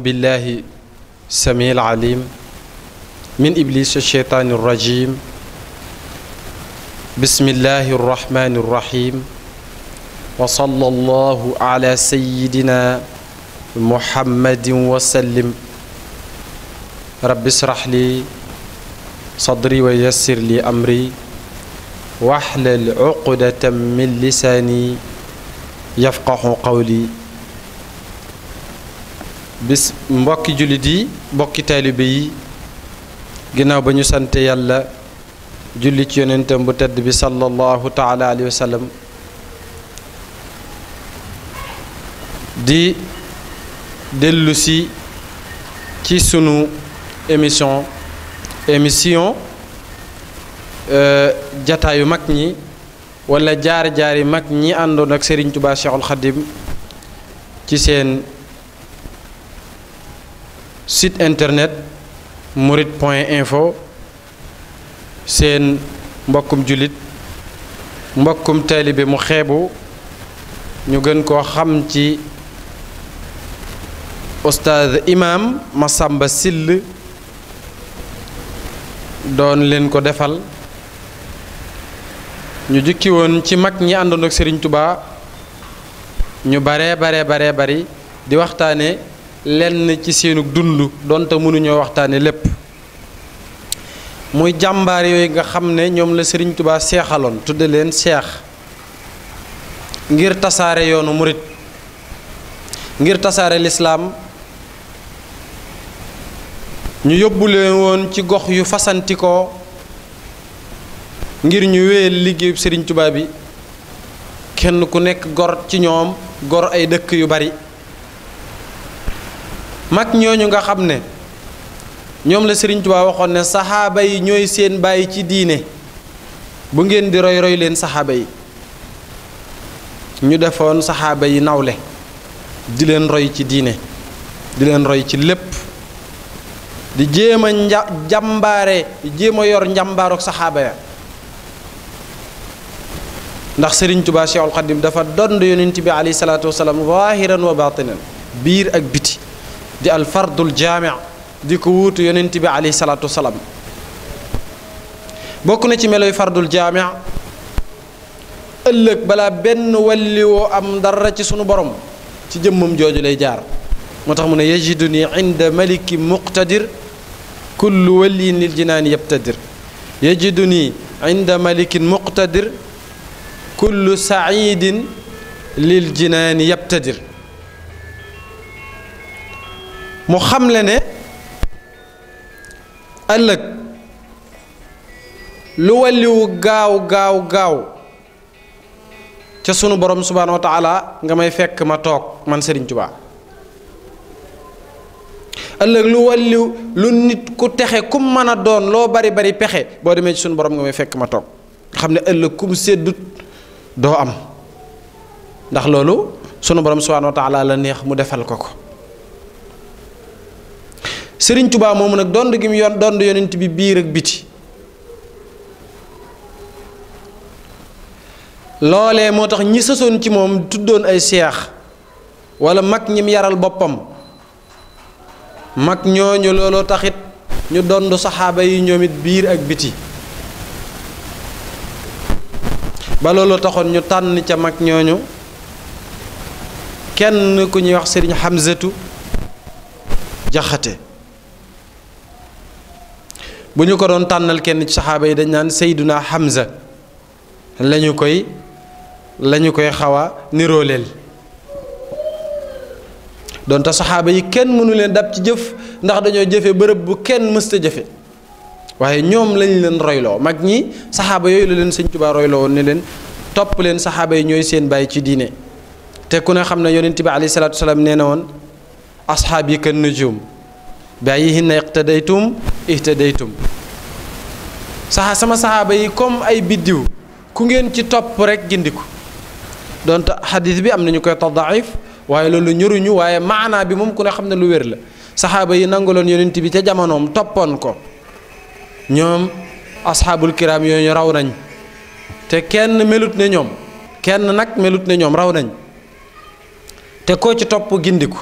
بالله السميع العليم من إبليس الشيطان الرجيم بسم الله الرحمن الرحيم وصلى الله على سيدنا محمد وسلم رب اشرح لي صدري ويسر لي أمري واحلل عقدة من لساني يفقه قولي bis mbokki jullit yi mbokki talibe yi ginaaw bañu sante yàlla julli ci yonentam bu tedd bi sallallahu taala alayhi wa sallam di dellu ci sunu émission émission yu mag ñi wala jaar yu mag ñi andon ak Serigne Touba Cheikhul Khadim ci sen site internet murit point info seen mbokkum jullit mbokkum bi mu xeebu ñu gën koo xam ci oustaz imam ma sàmba sill doon leen ko defal ñu jukki woon ci mag ñi àndoon ak Serigne Touba ñu baree baree baree bari di waxtaane lenn ci seenu dund donte mënuñoo waxtaane lépp muy jàmbaar yooyu nga xam ne ñoom la Sëriñ Tubaa seexaloon tudd leen seex ngir tasaare yoonu murit ngir tasaare lislaam ñu yóbbu leen woon ci gox yu fasantikoo ngir ñu wéyal liggéeyub Sëriñ tubaab bi kenn ku nekk gor ci ñoom gor ay dëkk yu bari mag ñooñu nga xam ne ñoom la Sëriñ Tuubaa waxoon ne saxaaba yi ñooy seen bàyyi ci diine bu ngeen di roy roy leen saxaaba yi ñu defoon saxaaba yi nawle di leen roy ci diine di leen roy ci lépp di jéem a nja di jéem a yor njàmbaarook saxaaba ya ndax Sëriñ Tuubaa Cheikhul Xadim dafa dond yonent bi alayhi salaatu wasalaam waahiran wa baatinan biir ak biti دي الفرد الجامع دي كوت يننتبه عليه الصلاه والسلام بوكو نتي ملوي فرد الجامع الك بلا بن وليو ام دار سي سونو بروم سي جيمم جوجو يجدني عند ملك مقتدر كل ولي للجنان يبتدر يجدني عند ملك مقتدر كل سعيد للجنان يبتدر mu xamle ne ëllëg lu wàlliwu gaaw gaaw gaaw ca sunu borom subhaanahu wa nga may fekk ma toog man Serigne Touba ëllëg lu wàlliw lu nit ku texe kum mën a doon loo bari bari pexe boo demee ci sunu borom nga may fekk ma toog xam ne ëllëg kum séddut doo am ndax loolu sunu borom subhaanahu wa la neex mu defal ko ko sëriñ tubaa moomu nag dond gi mu yon dond yonent bi biir ak biti loolee moo tax ñi sësoon ci moom tuddoon ay seex walla mag ñim yaral boppam mag ñooñu looloo taxit ñu dond saxaaba yi ñoomit biir ak biti ba looloo taxoon ñu tànn ca mag ñooñu kenn ku ñuy wax sëriñ xamsatu jaxate bu ñu ko doon tànnal kenn ci saxaaba yi dañ naan Seyduna Hamza lañu koy lañu koy xawaa a nirooleel donte saxaaba yi kenn mënu leen dab ci jëf ndax dañoo jëfe bërëb bu kenn mësta jëfe waaye ñoom lañu leen royloo mag ñi saxaaba yooyu la leen sëñ Tuubaa royloo woon ne leen topp leen saxaaba yi ñooy seen bàyyi ci diine te ku ne xam ne yonent bi alayhi salaatu salaam nee na woon asxaab yi kenn nujum bi ayyihinna iqtadaytum ihtadaytum saxa sama saxaaba yi comme ay biddiw ku ngeen ci topp rek gindiku donte xadis bi am na ñu koy tadaif waaye loolu ñëruñu waaye maanaa bi moom ku ne xam ne lu wér la saxaaba yi nanguloon yonent bi ca jamonoom toppoon ko ñoom asxaabul kiram yooyu raw nañ te kenn melut ne ñoom kenn nag melut ne ñoom raw nañ te koo ci topp gindiku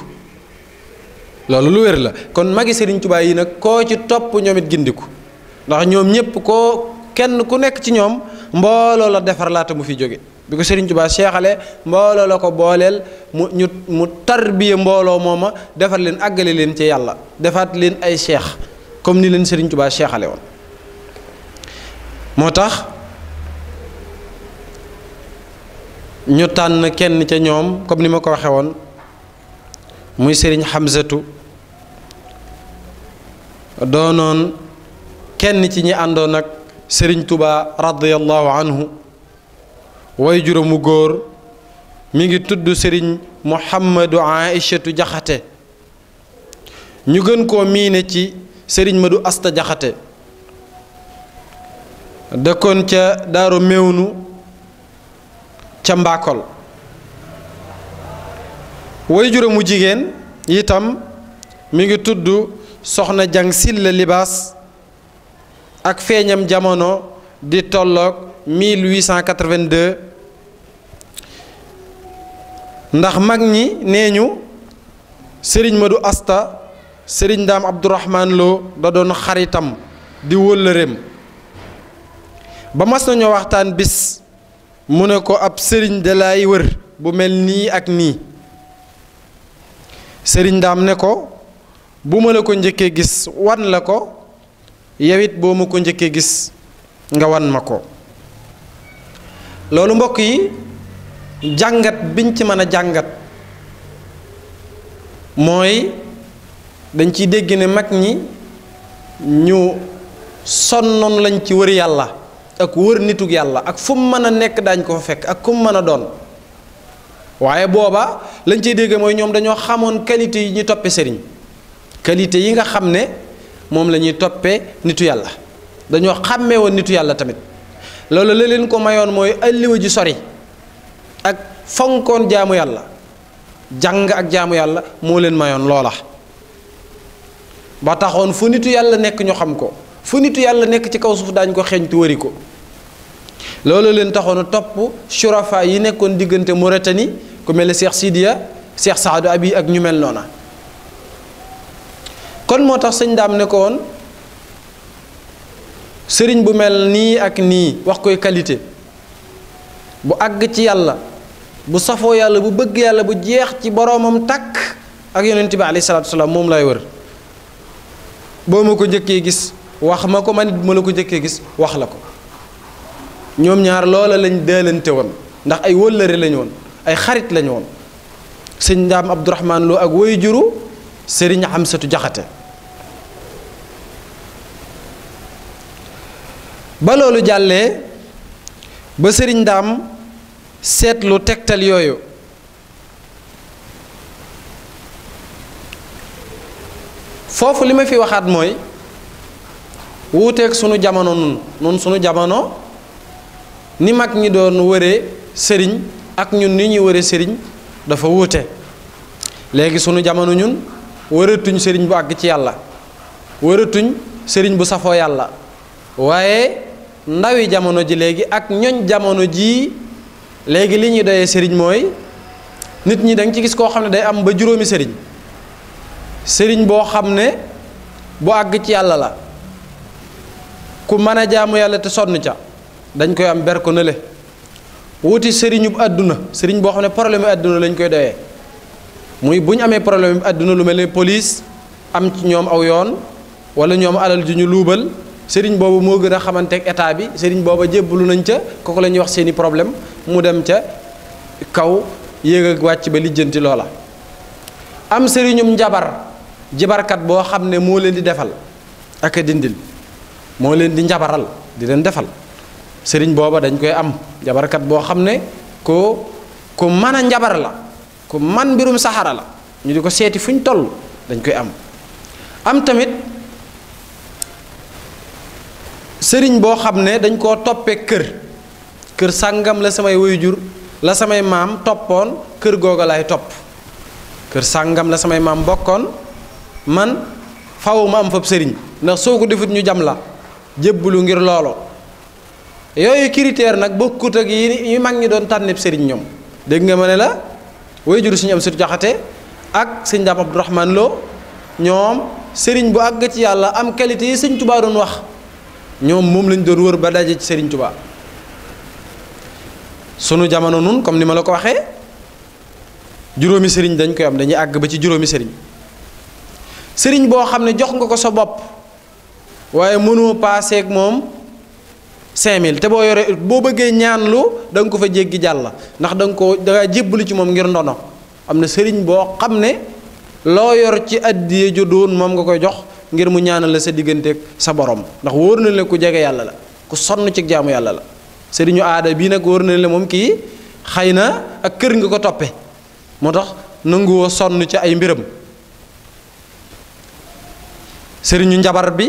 loolu lu wér la kon magi Serigne Touba yi nag koo ci topp ñoom gindiku ndax ñoom ñëpp koo kenn ku nekk ci ñoom mbooloo la defar laata mu fi jóge bi ko Serigne Touba seexale mbooloo la ko booleel mu ñu mu tarbiye mbooloo mooma defar leen àggale leen ci yàlla defaat leen ay seex comme ni leen Serigne Touba seexale woon moo tax ñu tànn kenn ca ñoom comme ni ma ko waxe woon muy Serigne Hamzatu doonoon kenn ci ñi àndoon ak sëriñ Tuubaa radiyallahu anhu way juróomu góor mi ngi tudd sëriñ Muhammadu Aïchatu Jaxate ñu gën koo miine ci sëriñ Madu Asta Jaxate dëkkoon ca Daaru Mewnu ca Mbakol way juróomu jigéen itam mi ngi tudd soxna jang silla libaas ak feeñam jamono di tolloog 1882 ndax mag ñi nee ñu sëriñ Madu Asta sëriñ Daam Abdourahman Lo da doon xaritam di wëllëreem ba mas nañoo waxtaan bis mu ne ko ab sëriñ de lay wër bu mel nii ak nii sëriñ Daam ne ko bu ma la ko ñëkke gis wan la ko yow bo mu ko ñëkke gis nga wan mako lolu mbokk yi jangat biñ ci mëna jangat moy dañ ci dégg ne mag ñi ñu sonnoon lañ ci wër yalla ak wër nituk yalla ak fu mëna nekk dañ ko fekk ak ku mëna doon waye boba lañ ci dégg moy ñom dañoo xamone qualité yi ñi sëriñ qualité yi nga xam ne moom lañuy ñuy toppee nitu yàlla dañoo xàmmee woon nitu yàlla tamit loolu la leen ko mayoon mooy alliwa ji sori ak fonkoon jaamu yàlla jàng ak jaamu yàlla moo leen mayoon loola ba taxoon fu nitu yàlla nekk ñu xam ko fu nitu yàlla nekk ci kaw suuf daañ ko xeeñtu wëri ko loolu leen taxoon topp surafa yi nekkoon diggante Mauritanie ku mel ne Cheikh Sidiya Cheikh Saadu Abi ak ñu mel noona kon moo tax sëñ daam ne ko woon sëriñ bu mel nii ak nii wax koy qualité bu àgg ci yàlla bu safoo yàlla bu bëgg yàlla bu jeex ci boroomam takk ak yonent bi alayhi salaatu salaam moom laay wër boo ma ko njëkkee gis wax ma ko man it ma la ko njëkkee gis wax la ko ñoom ñaar loola lañ dëlante woon ndax ay wëllëre lañu woon ay xarit lañu woon sëñ Ndaam Abdourahmaan Lo ak woy juru sëriñ Amsatu Jaxate ba loolu jàllee ba sëriñ daam seetlu tegtal yooyu foofu li ma fi waxaat mooy wuuteeg sunu jamono nun nun sunu jamono ni mag ñi doon wëree sëriñ ak ñun ni ñuy wëree sëriñ dafa wuute léegi sunu jamono ñun wëratuñ sëriñ bu àgg ci yàlla wëratuñ sëriñ bu safoo yàlla waaye ndawi jamono ji legi ak ñoñ jamono ji legi li ñu doye sëriñ moy nit ñi dang ci gis ko xamne day am ba juroomi sëriñ sëriñ bo xamne ne ag ci yalla la ku mana jaamu yalla te sonu ca dañ koy am ber ko nele wuti sëriñu àdduna sëriñ boo bo ne problème aduna lañ koy doye muy buñ amé problème aduna lu melni police am ci ñom aw yoon wala ñom alal juñu lubal sering bawa moo gën kaman tek etabi état bi aja bulu jébbalu nañ ca kooku la problem, wax seeni problème mu dem ca kaw yéeg ak am sëriñum njabar jabar kat xam ne moo leen di defal ak dindil moo leen di jabaral di leen defal sering bawa dañ koy am jabarkat kat xam ne ko ko mana jabar njabar la man birum sahara la ñu di ko seeti fuñ toll dañ am am temit Sering bo xamne dan dañ ko topé kër kër sangam la samay wayjur la samay mam topone kër goga lay top kër sangam la samay mam bokkon man faaw ma am fop sëriñ ndax soko defut ñu jam la jeblu ngir lolo yooyu critère nak bokut ak yi ñu magni ñi doon tànneb sëriñ ñoom nga mané la wayjur suñu am jaxate ak sëñ dab abdourahman lo ñom bu àgg ci yalla am qualité yi sëñ tubaa wax ñoom moom lañ doon wër ba daje ci Serigne Touba sunu jamono nun comme ni ma la ko waxee juróomi sëriñ dañ koy am dañuy àgg ba ci juróomi sëriñ sëriñ boo xam ne jox nga ko sa bopp waaye mënoo paasee ak moom 5000 te boo yore boo bëggee ñaanlu da nga ko fa jéggi jàll ndax da nga ko da jébbalu ci moom ngir ndono am na sëriñ boo xam ne loo yor ci addiye ju doon moom nga koy jox. ngir mu ñaanal la sa ak sa borom ndax woor na la ku jégué yalla la ku sonn ci jaamu yalla la sëriñu aada bi nak woor na la mom ki xayna ak kër nga ko toppe motax nangu wo sonn ci ay mbiram sëriñu njabar bi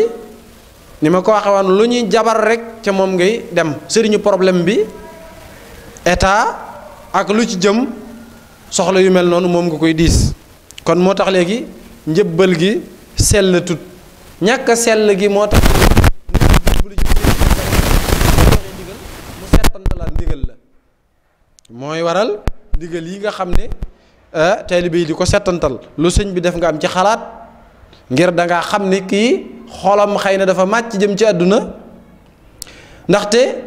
nima ko waxe lu ñuy jabar rek ci mom ngay dem sëriñu problème bi état ak lu ci jëm soxla yu mel non mom nga koy diis kon motax tax njëbbal gi sel tut ñaka sel gi moo tax jublu ji ndigal ndigal la moy waral ndigal yi nga xamne euh talibi diko di lu señ bi def nga am ci xalaat ngir da nga xamne ki xolam xeyna dafa màcc jëm ci àdduna ndaxte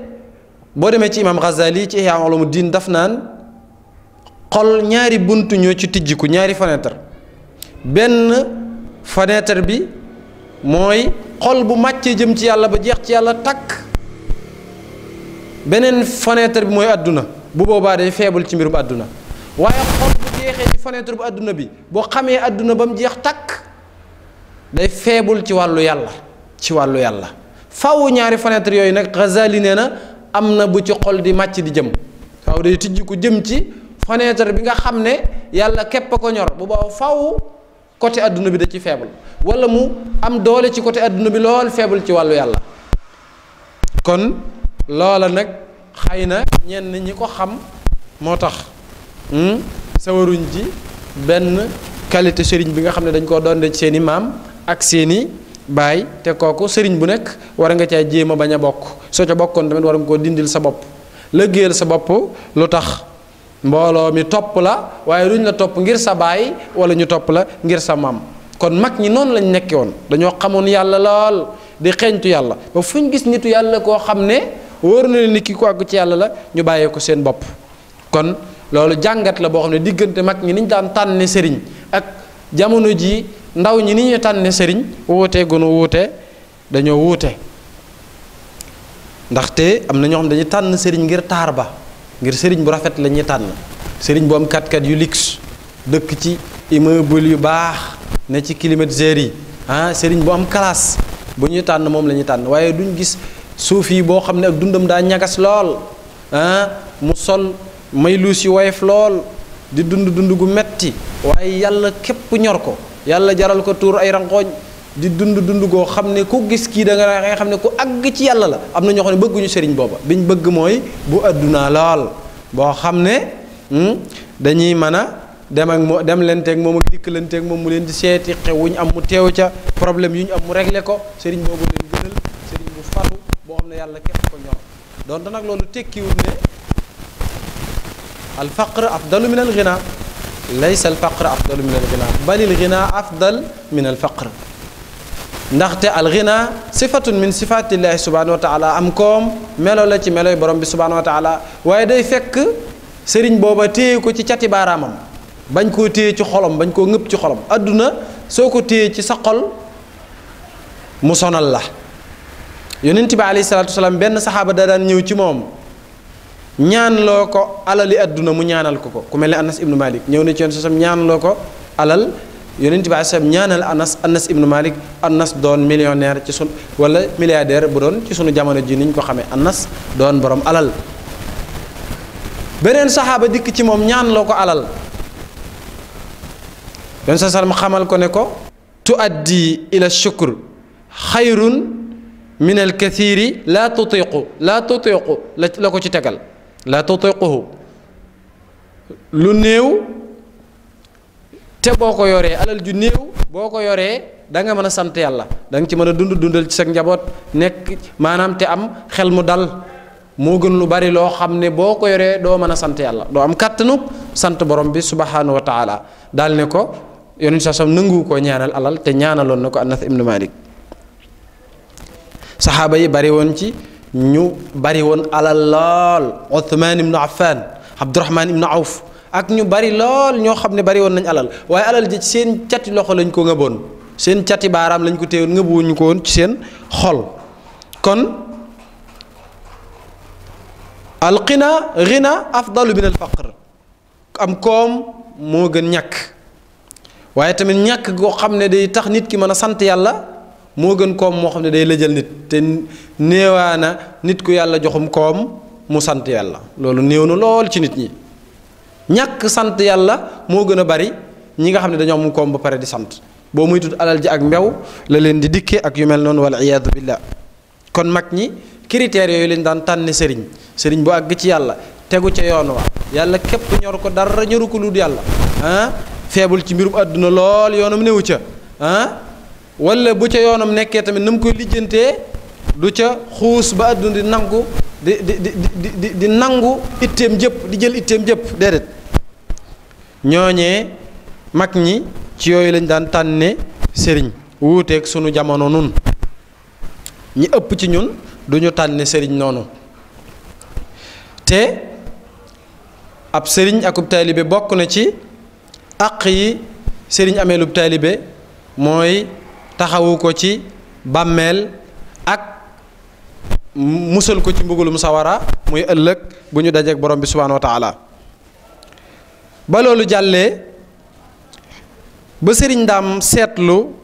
bo demé ci imam Ghazali ci Ihya Ulumuddin daf nan xol ñaari buntu ñoo ci tijjiku ñaari fenêtre ben fenêtre bi mooy xol bu màccee jëm ci yàlla ba jeex ci yàlla takk beneen fenêtre bi mooy àdduna bu boobaa day feebul ci mbirum àdduna waaye xol bu jeexee ci bu àdduna bi boo xamee àdduna ba mu jeex takk day feebul ci wàllu yàlla ci wàllu yàlla faw ñaari fenêtre yooyu nag Ghazali nee na am na bu ci xol di màcc di jëm waaw day tijj ko jëm ci fenêtre bi nga xam ne yàlla képp a ko ñor bu booba faw côté àdduna bi da ci feebal wala mu am doole ci côté àdduna bi lool faible ci wàllu yàlla kon loola nag xëy na ñenn ñi ko xam moo tax hmm, sawaruñ ji benn qualité sëriñ bi nga xam ne dañ koo doon ci seeni maam ak seeni baay te kooku sëriñ bu nekk war nga caa jéem a bañ a bokk soo ca bokkoon tamit war nga koo dindil sa bopp lëggéeyal sa bopp lu tax mbooloo mi topp la waaye duñ la topp ngir sa baay wala ñu topp la ngir sa maam kon mag ñi noonu lañu nekke woon dañoo xamoon yàlla lool di xeeñtu yàlla ba fu ñu gis nitu yàlla koo xam ne wóor na ni ki ko àggu ci yàlla la ñu bàyyee ko seen bopp kon loolu jàngat la boo xam ne diggante mag ñi ni ñu daan tànne sëriñ ak jamono ji ndaw ñi ni ñu tànne sëriñ wuute gunu wuute dañoo wuute ndaxte am na ñoo xam dañuy tànn sëriñ ngir taar ba ngir serigne bu rafet la ñi tan serigne bu am kat-kat yu luxe dekk ci immeuble yu bax ne ci ah sering bu am classe bu lenyatan, tan mom la ñi tan waye duñ gis suuf yi ak dundam da ñagas lool ah mu sol may lu ci wayef lool di dund dund gu metti waye yalla kep ñor ko yalla jaral ko tour ay ranqooñ di dund dund goo xam ne ku gis kii da nga xam ne ku àgg ci yàlla la am na ñoo xam ne bëgguñu sëriñ booba bi ñu bëgg mooy bu àdduna lool boo xam ne hmm, dañuy mën a dem ak moo dem lenteeg moom ak dikk lenteeg moom mu leen di seeti xew wu ñu am mu teew ca problème yu ñu am mu réglé ko sëriñ boobu leen gënal sëriñ bu faru boo xam ne yàlla képp ko ñor donte nag loolu tekkiwul ne al faqr afdalu min al ghina laysa al faqr afdalu min al ghina bal al ghina ndaxte ghina sifatun min llahi subhanahu wa taala am kom melo la ci melo borom bi subhanahu wa taala waye day fekk sëriñ boba téye ko ci ciati baramam bagn ko téye ci xolam bagn ko ngep ci xolam aduna soko ko ci sa xol mu sonal la yonnati bi alayhi salatu wassalam ben sahaba da dan ñew ci mom ñaan loko alali aduna mu ñaanal ko ko ku melni anas ibnu malik ñew na ci yonnati ñaan loko alal يونس بن عاصم نيان الانس انس ابن مالك انس دون مليونير تي ولا ملياردير برون تي سونو جامانو جي نين انس دون بروم ألال بنين صحابه ديك تي موم نيان لوكو علال بن سالم خمال كو تؤدي الى الشكر خير من الكثير لا تطيق لا تطيق لا تي لا تطيقه لو te boko yoré alal ju néew boko yoré da nga mëna sant yalla da nga ci mëna dund dundal ci sax njabot nek manam te am xel mu dal mo gën lu bari lo xamné ne yoré do mëna sant yalla do am kàttanu sant borom bi subhanahu wa taala dal ne ko yoni sa sam ñaanal alal te ñaanalon nako Anas ibn Malik sahaba yi bari won ci ñu bari won alal lol Uthman ibn Affan abdurrahman ibn auf ak ñu bari lol ño xamne ne bari won nañ alal waye alal ji seen ciati loxo lañ ko ngëboon seen ciati baram lañ ko téewoon ngëbuwuñu ko won ci seen xol kon al qina ghina afdal min faqr am kom mo gën ñak waye tamit ñak go xamne ne day tax nit ki mëna sante yalla mo gën kom mo xamne ne day lejeel nit te neewana nit ku yalla joxum kom mu sante yalla lolou neewnu lol ci nit ñi ñàkk sant yàlla moo gën a bari ñi nga xam ne dañoo am koom ba pare di sant boo muy tut alal ji ak mbew la leen di dikkee ak yu mel noonu wala iyaadu billah kon mag ñi critères yooyu lañ daan tànne sëriñ sëriñ bu àgg ci yàlla tegu ca yoon wa yàlla képp ñor ko dara ñoru ko lu dul yàlla ah feebul ci mbirum àdduna lool yoonam newu ca ah wala bu ca yoonam nekkee tamit na mu koy lijjantee du ca xuus ba àdduna di nangu di di di di nangu itteem jëpp di jël itteem jëpp déedéet ñooñee mag ñi ci yooyu lañ daan tànne sëriñ wuuteeg sunu jamono nun ñi ëpp ci ñun du ñu tànne sëriñ noonu te ab sëriñ akub taalibe bokk na ci àq yi sëriñ ameelub taalibe mooy taxawu ko ci bàmmeel ak musal ko ci mbugalum sawara muy ëllëg bu ñu dajeek borom bi subhaanahu wa taala ba loolu jàllee ba sëriñ ndaam seetlu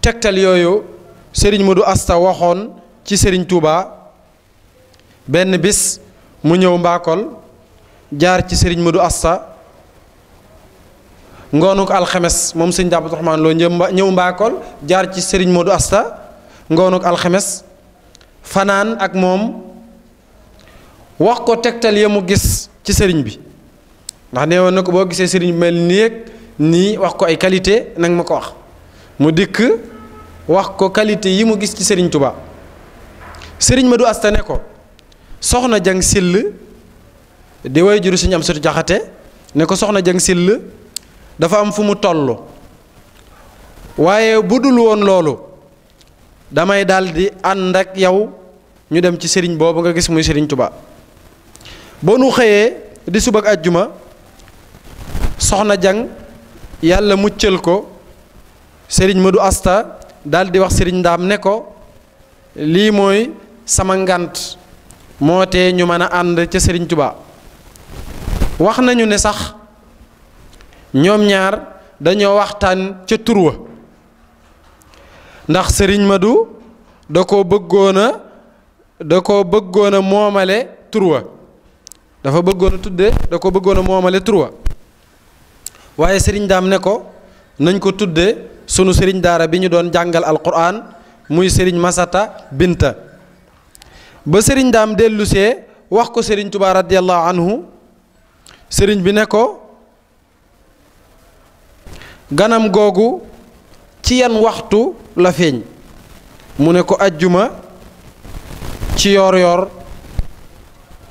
tegtal yooyu sëriñ Modou Asta waxoon ci sëriñ Touba benn bis mu ñëw mbaakol jaar ci sëriñ Modou Asta ngoonuk alxemes moom sëriñ Abdourahmane loo ñëw mbaakol jaar ci sëriñ Modou Asta ngoonuk alxemes Fanan ak mom wax ko tegtal ya mu gis ci sëriñ bi ndax nee woon na ko boo mel nii ni nii wax ko ay qualité nag ma wax mu wax ko qualité yi gis ci sëriñ Madu Asta ne ko soxna jang sill di way juru suñu am sutu jaxate ne ko soxna jang sill dafa am fu mu toll waaye bu dul damay daldi di ak yow ñu dem ci serigne bobu nga gis muy serigne touba bo nu xeye di suba ak aljuma soxna jang yalla muccel ko serigne Madu Asta daldi wax serigne ndam ne ko li moy sama ngant moté ñu mëna and ci serigne touba wax nañu ne sax ñom ñaar dañoo waxtaan ci turwa ndax sëriñ Madou da koo bëggoon a da ko bëggoona a moomale turwa dafa bëggoon a tudde da ko bëggoon a moomale turwa waaye sëriñ daam ne ko nañ ko tudde sunu sëriñ daara bi ñu doon jàngal alquran muy sëriñ masata binta ba sëriñ daam dellusee wax ko sëriñ tubaa radiallahu anhu sëriñ bi ne ko ganam googu ci yan waxtu la feñ mu ne ko aljuma ci yor yor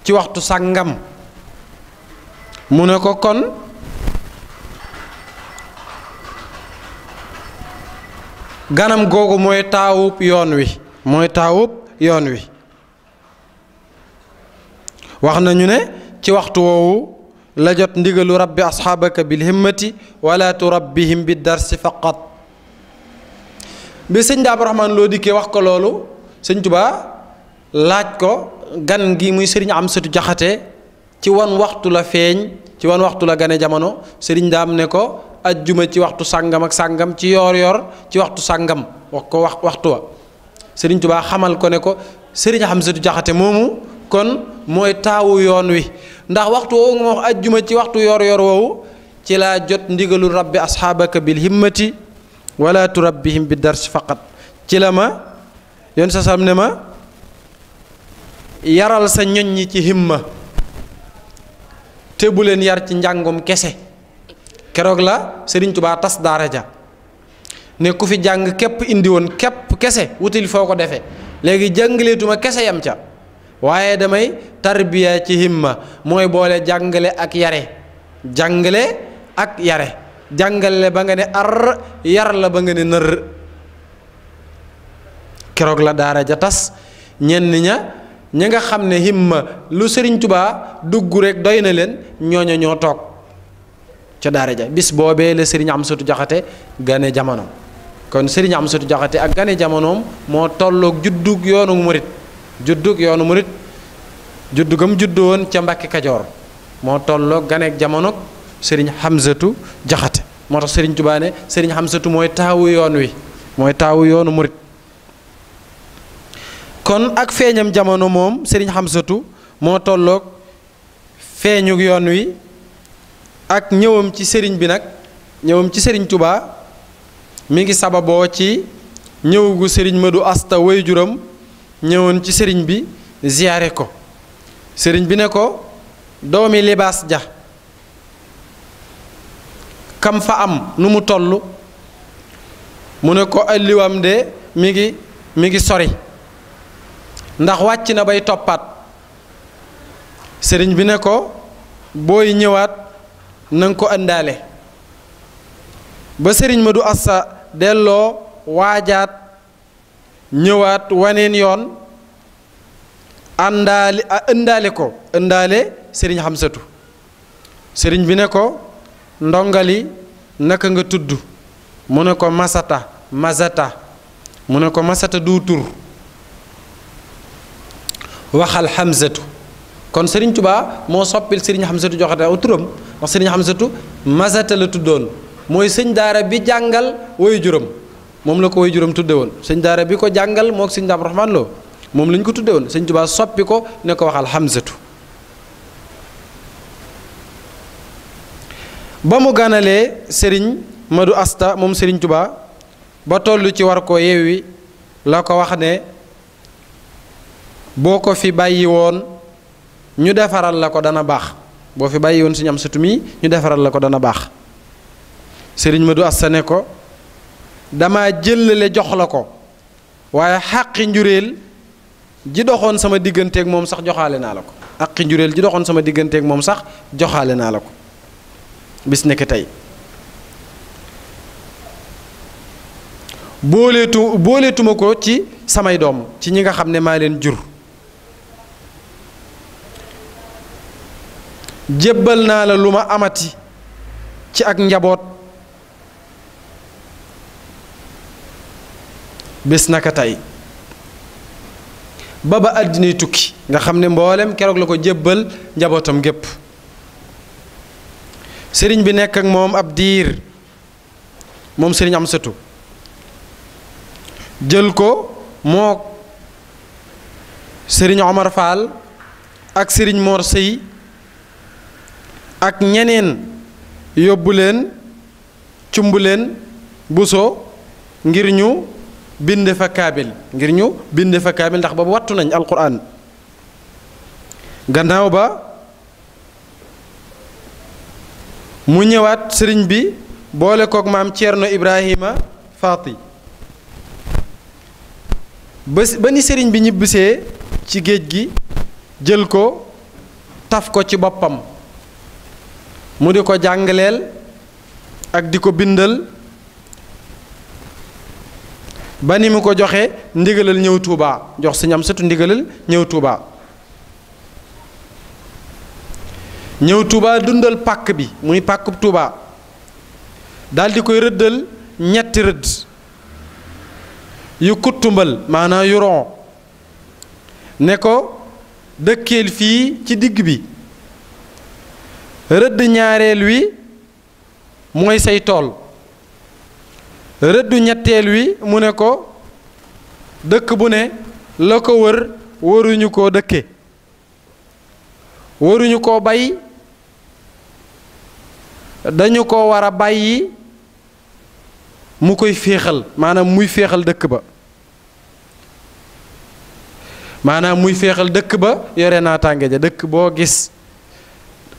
ci waxtu sangam mu ko kon ganam gogo moy tawup yon wi moy tawup yon wi waxna ñu ne ci waxtu wowo la jot ndigalu rabbi bil himmati wala turabbihim bid dars faqat bi seigne Daam rahman lo diké wax ko seigne touba laaj ko gan gi muy sëriñ Amsatu Jaxate ci wan waxtu la feñ ci wan waxtu la gane jamono seigne Daam né ko aljuma ci waxtu sanggam, ak sangam ci yor yor ci waxtu sangam wax ko wax waxtu wa seigne touba xamal ko né ko Jaxate momu kon moy tawu yoon wi ndax waxtu wo nga wax aljuma ci waxtu yor yor wo ci la jot ndigalul rabbi ashabaka bil himmati wala turabbihim bi dars faqat ci lama yon sa sam ne ma yaral sa ñoñ ñi ci himma te bu len yar ci njangum kese kérok la serigne touba tas daraja ja ne ku fi jang kep indi won kep kese wutil foko defé légui léegi tuma kese yam ca waaye damay tarbiya ci himma moy boole jàngale ak yare jàngale ak yare jàngale ba nga ne ar yar la ba nga ne nër keroog la daara ja tas ñenn ña ña nga xam ne himma lu sëriñ tubaa dugg rek doy na leen ñooña ñoo toog ca daara ja bis boobee la sëriñ Amsatu Jaxate gane jamono kon sëriñ Amsatu Jaxate ak gane jamonoom moo tolloog juddug yoonu murit juddug yoonu murit juddugam juddu ca Mbàkke Kajoor moo tolloog ganeek jamono sëriñ Hamzatu Jaxate moo tax sëriñ Tuubaa ne sëriñ Xamsatu mooy taawu yoon wi mooy taawu yoonu murit kon ak feeñam jamono moom sëriñ Xamsatu moo tollook feeñu yoon wi ak ñëwam ci sëriñ bi nag ñëwam ci sëriñ Tuubaa mi ngi sababoo ci ñëwugu sëriñ Madu Asta juróom ñëwoon ci sëriñ bi ziyaare ko sëriñ bi ne ko doomi libaas ja kam fa am nu mu tollu mu ne ko alliwam de mi ngi mi ngi sori ndax wàcc na bay toppaat sëriñ bi ne ko booy ñëwaat nanga ko àndaale ba sëriñ ma du assa delloo waajaat ñëwaat waneen yoon àndaale àndaale ko àndaale sëriñ xamsatu sëriñ bi ne ko li naka nga tudd mu ne ko masata mazata mu ne ko masata du tur waxal xamsatu kon sëriñ tubaa moo soppil sëriñ xamsatu joxate aw turam ndax sëriñ xamsatu mazata la tuddoon mooy sëñ daara bi jàngal woyu juróom moom la ko woyu juram tudde woon sëñ daara bi ko jàngal moo ak sëñ daam raxmaan loo moom la ko tudde woon sëñ tubaa soppi ko ne ko waxal xamsatu Bamu ganale ganalee Madu Asta mom sëriñ coba, ba toll ci war ko yeewi la ko wax ne boo ko fi bàyyi ñu defaral la ko dana bah, boo fi bàyyi won suñu am sëtu mi ñu defaral la ko dana bah. sëriñ Madu Asta ne ko dama jëllale jox la ko waaye xàqi njuréel ji doxoon sama digganteeg moom sax joxaale naa la ko xàqi njuréel ji doxoon sama digganteeg moom sax joxaale naa la ko bis nekk tey booleetu booleetuma ko ci samay doom ci ñi nga xam ne maa leen jur jébbal naa la lu ma amati ci ak njaboot bés ko tey ba ba àddinay tukki nga xam ne mbooleem keroog la ko jébbal njabootam gépp Sering bi nek ak Mom ab dir mom sëriñ am sëtu djel ko moo Omar Fall ak sering Mor ak ñeneen yobulen, cumbulen, buso ngir ñu bind fa kabil ngir ñu bind fa kabil ndax boobu wattu nañ alquran gannaaw ba mu ñëwaat sëriñ bi boole kook maam Thierno Ibrahima Faati ba ba ni sëriñ bi ñibbisee ci géej gi jël ko taf ko ci boppam mu di ko jàngaleel ak di ko bindal ba ni mu ko joxe ndigalal ñëw Tuubaa jox sëtu ndigalal ñëw Tuubaa ñëw tubaa dundal pàkk bi muy pàkk Touba daldi koy rëddal ñetti rëdd yu kuttumbal maanaa yu ron ne ko dëkkeel fii ci digg bi rëdd ñaareel wi mooy say tool rëdd ñetteel wi mu ne ko dëkk bu ne la ko wër waruñu koo dëkke wëruñu koo bay dañu ko war a bàyyi mu koy féexal maanaam muy féexal dëkk ba maanaam muy féexal dëkk ba yore naa tànge ja dëkk boo gis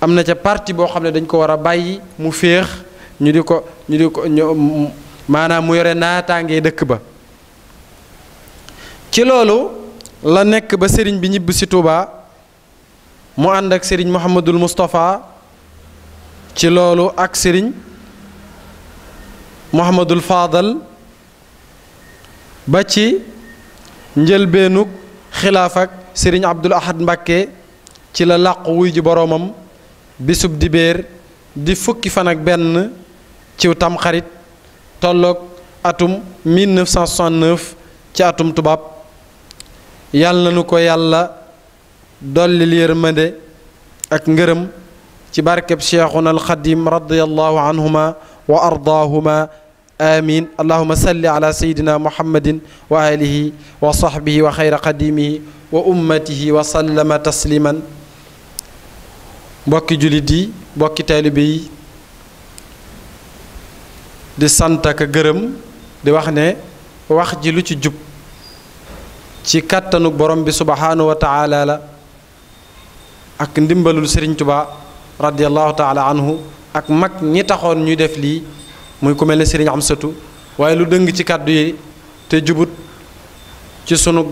am na ca parti boo xam ne dañ ko war a bàyyi mu féex ñu di ko ñu di ko maanaam mu yore naataange dëkk ba ci loolu la nekk ba sëriñ bi ñibb si Tuuba mu ànd ak sëriñ Mouhamadul Moustapha ci loolu ak sëriñ Muhammadul Faadal ba ci njëlbeenug xilaaf ak sëriñ Abdul Ahad Mbàkke ci la làqu wuy ji boroomam bisub dibéer di fukki fan ak benn ci tamxarit tolloog atum 1969 ci atum tubaab yàlla nanu nu ko yàlla dolli yërmande ak ngërëm تبارك بشيخنا الخديم رضي الله عنهما وأرضاهما آمين اللهم سل على سيدنا محمد وآله وصحبه وخير قديمه وأمته وسلم تسليما بوكي جلدي بوكي تالبي دي سانتك غرم دي وخني وخجي لوتي جوب ci kattanu borom bi subhanahu wa ta'ala la ak ndimbalul radiallahu taala anhu ak mag ñi taxoon ñuy def lii muy ku mel ne sëriñ Amsatu waaye lu dëng ci kàddu yi te jubut ci sunu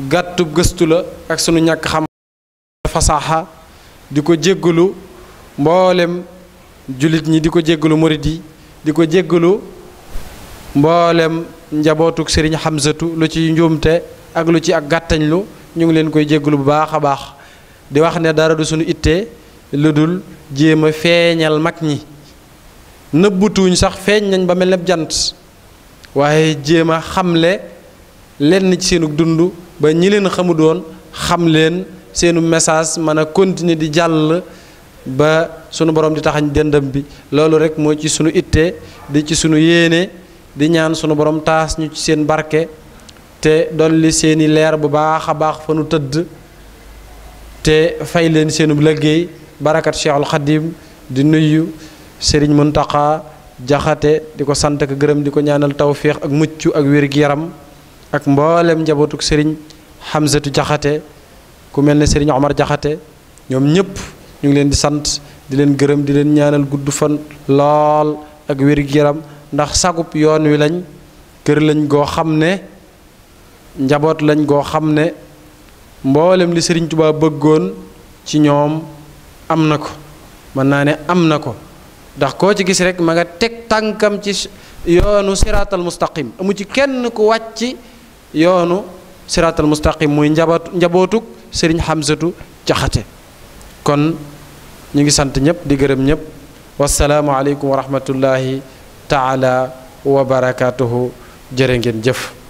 gàttu gëstu la ak sunu ñàkk xam fasaxa di ko jéggalu mboolem jullit ñi di ko jéggalu murit yi di ko jéggalu mboolem njabootuk sëriñ Xamsatu lu ci njuumte ak lu ci ak gàttañ lu ñu ngi leen koy jéggalu bu baax a baax di wax ne dara du sunu ittee lu dul jéem a feeñal mag ñi nëbbutuñ sax feeñ nañ ba mel jant waaye jéem a xamle lenn ci seenug dund ba ñi leen xamu doon xam leen seenu message mën a continuer di jàll ba sunu borom di taxañ dëndam bi loolu rek moo ci sunu itte di ci sunu yéene di ñaan sunu borom taas ñu ci seen barke te dolli seeni leer bu baax a baax fa nu tëdd te fay leen seenu liggéey barakat Cheikhul Khadim di nuyu Serigne Mountakha Jaxate di ko sant ak gërëm di ko ñaanal tawféex ak mucc ak wér-gi-yaram ak mboolem njabootuk Serigne Hamzatu Jaxate ku mel ne Serigne Omar Jaxate ñoom ñëpp ñu ngi leen di sant di leen gërëm di leen ñaanal gudd fan lool ak wér yaram ndax sagub yoon wi lañ kër lañ goo xam ne njaboot lañ goo xam ne mboolem li Serigne Touba bëggoon ci ñoom Amnaku, na ko mën naa ne am tek ko ndax koo ci gis rek ma nga ci yoonu mustaqim amu ci kenn ku wàcc yoonu siraatal mustaqim muy njaboot njabootug sëriñ hamzudu jaxate kon ñu ngi sant ñëpp di gërëm ñëpp wa rahmatullahi taala wa barakatuhu jërë ngeen jëf